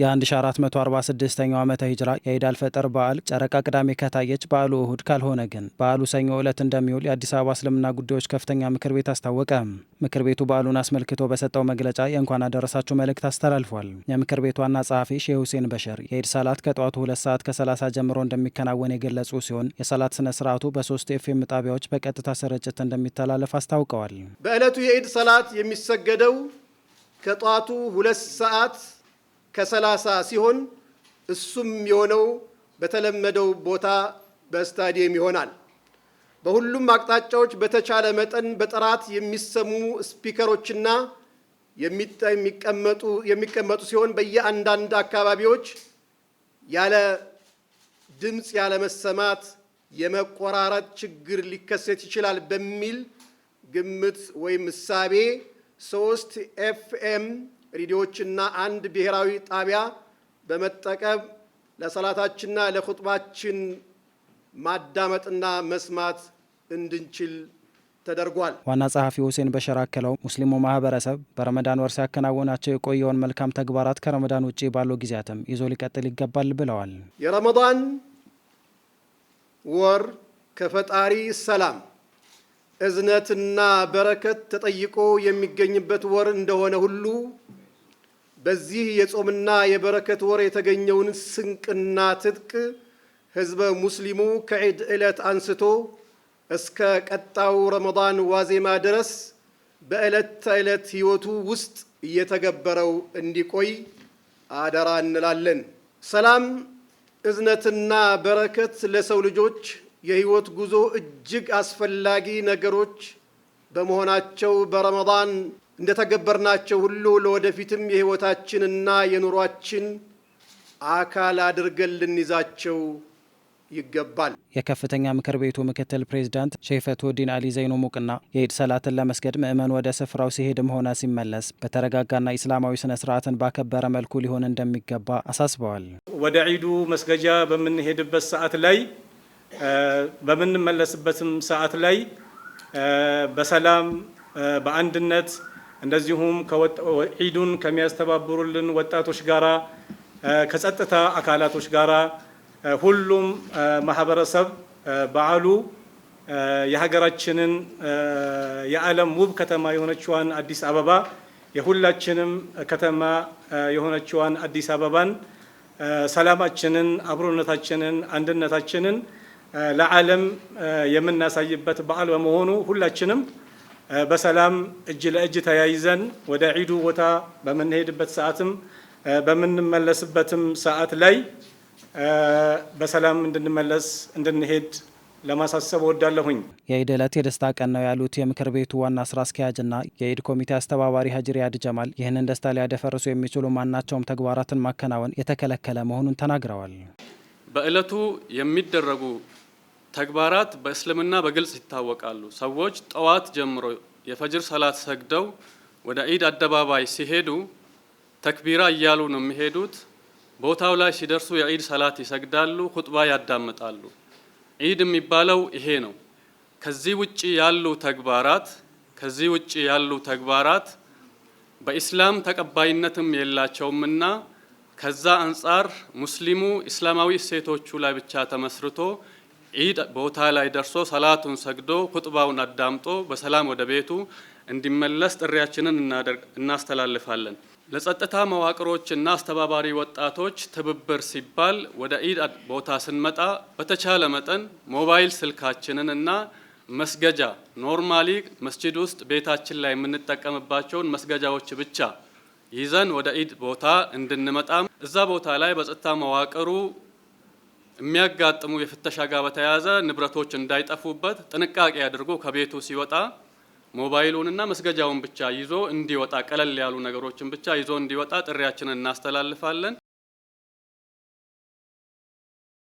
የ1446ኛው ዓመተ ሂጅራ የኢድ አልፈጠር በዓል ጨረቃ ቅዳሜ ከታየች በዓሉ እሁድ ካልሆነ ግን በዓሉ ሰኞ ዕለት እንደሚውል የአዲስ አበባ እስልምና ጉዳዮች ከፍተኛ ምክር ቤት አስታወቀ። ምክር ቤቱ በዓሉን አስመልክቶ በሰጠው መግለጫ የእንኳን አደረሳችሁ መልእክት አስተላልፏል። የምክር ቤቱ ዋና ጸሐፊ ሼህ ሁሴን በሸር የኢድ ሰላት ከጠዋቱ ሁለት ሰዓት ከ30 ጀምሮ እንደሚከናወን የገለጹ ሲሆን የሰላት ስነ ስርዓቱ በሶስት ኤፍኤም ጣቢያዎች በቀጥታ ስርጭት እንደሚተላለፍ አስታውቀዋል። በዕለቱ የኢድ ሰላት የሚሰገደው ከጠዋቱ ሁለት ሰዓት ከሰላሳ ሲሆን እሱም የሆነው በተለመደው ቦታ በስታዲየም ይሆናል። በሁሉም አቅጣጫዎች በተቻለ መጠን በጥራት የሚሰሙ ስፒከሮችና የሚቀመጡ ሲሆን በየአንዳንድ አካባቢዎች ያለ ድምፅ ያለ መሰማት የመቆራረጥ ችግር ሊከሰት ይችላል በሚል ግምት ወይም እሳቤ ሶስት ኤፍኤም ሬዲዮዎችና አንድ ብሔራዊ ጣቢያ በመጠቀም ለሰላታችንና ለኹጥባችን ማዳመጥና መስማት እንድንችል ተደርጓል። ዋና ጸሐፊ ሁሴን በሸር አክለው ሙስሊሙ ማህበረሰብ በረመዳን ወር ሲያከናወናቸው የቆየውን መልካም ተግባራት ከረመዳን ውጭ ባሉ ጊዜያትም ይዞ ሊቀጥል ይገባል ብለዋል። የረመዳን ወር ከፈጣሪ ሰላም እዝነትና በረከት ተጠይቆ የሚገኝበት ወር እንደሆነ ሁሉ በዚህ የጾምና የበረከት ወር የተገኘውን ስንቅና ትጥቅ ህዝበ ሙስሊሙ ከዒድ ዕለት አንስቶ እስከ ቀጣው ረመዳን ዋዜማ ድረስ በዕለት ተዕለት ሕይወቱ ውስጥ እየተገበረው እንዲቆይ አደራ እንላለን። ሰላም፣ እዝነትና በረከት ለሰው ልጆች የሕይወት ጉዞ እጅግ አስፈላጊ ነገሮች በመሆናቸው በረመዳን እንደተገበርናቸው ሁሉ ለወደፊትም የህይወታችንና የኑሯችን አካል አድርገን ልንይዛቸው ይገባል። የከፍተኛ ምክር ቤቱ ምክትል ፕሬዝዳንት ሼፈት ወዲን አሊ ዘይኖ ሙቅና የኢድ ሰላትን ለመስገድ ምእመን ወደ ስፍራው ሲሄድም ሆነ ሲመለስ በተረጋጋና ኢስላማዊ ስነ ስርዓትን ባከበረ መልኩ ሊሆን እንደሚገባ አሳስበዋል። ወደ ዒዱ መስገጃ በምንሄድበት ሰዓት ላይ በምንመለስበትም ሰዓት ላይ በሰላም በአንድነት እንደዚሁም ዒዱን ከሚያስተባብሩልን ወጣቶች ጋራ ከጸጥታ አካላቶች ጋራ ሁሉም ማህበረሰብ በዓሉ የሀገራችንን የዓለም ውብ ከተማ የሆነችዋን አዲስ አበባ የሁላችንም ከተማ የሆነችዋን አዲስ አበባን ሰላማችንን፣ አብሮነታችንን፣ አንድነታችንን ለዓለም የምናሳይበት በዓል በመሆኑ ሁላችንም በሰላም እጅ ለእጅ ተያይዘን ወደ ዒዱ ቦታ በምንሄድበት ሰዓትም በምንመለስበትም ሰዓት ላይ በሰላም እንድንመለስ እንድንሄድ ለማሳሰብ ወዳለሁኝ የኢድ ዕለት የደስታ ቀን ነው ያሉት የምክር ቤቱ ዋና ስራ አስኪያጅና የኢድ ኮሚቴ አስተባባሪ ሀጂ ያድ ጀማል ይህንን ደስታ ሊያደፈርሱ የሚችሉ ማናቸውም ተግባራትን ማከናወን የተከለከለ መሆኑን ተናግረዋል። በዕለቱ የሚደረጉ ተግባራት በእስልምና በግልጽ ይታወቃሉ። ሰዎች ጠዋት ጀምሮ የፈጅር ሰላት ሰግደው ወደ ኢድ አደባባይ ሲሄዱ ተክቢራ እያሉ ነው የሚሄዱት። ቦታው ላይ ሲደርሱ የኢድ ሰላት ይሰግዳሉ፣ ሁጥባ ያዳምጣሉ። ኢድ የሚባለው ይሄ ነው። ከዚህ ውጭ ያሉ ተግባራት ከዚህ ውጭ ያሉ ተግባራት በኢስላም ተቀባይነትም የላቸውምና ከዛ አንጻር ሙስሊሙ እስላማዊ እሴቶቹ ላይ ብቻ ተመስርቶ ዒድ ቦታ ላይ ደርሶ ሰላቱን ሰግዶ ኩጥባውን አዳምጦ በሰላም ወደ ቤቱ እንዲመለስ ጥሪያችንን እናስተላልፋለን። ለጸጥታ መዋቅሮችና አስተባባሪ ወጣቶች ትብብር ሲባል ወደ ዒድ ቦታ ስንመጣ በተቻለ መጠን ሞባይል ስልካችንን እና መስገጃ ኖርማሊ መስጂድ ውስጥ ቤታችን ላይ የምንጠቀምባቸውን መስገጃዎች ብቻ ይዘን ወደ ዒድ ቦታ እንድንመጣም እዛ ቦታ ላይ በጸጥታ መዋቅሩ የሚያጋጥሙ የፍተሻ ጋር በተያያዘ ንብረቶች እንዳይጠፉበት ጥንቃቄ አድርጎ ከቤቱ ሲወጣ ሞባይሉንና መስገጃውን ብቻ ይዞ እንዲወጣ ቀለል ያሉ ነገሮችን ብቻ ይዞ እንዲወጣ ጥሪያችንን እናስተላልፋለን።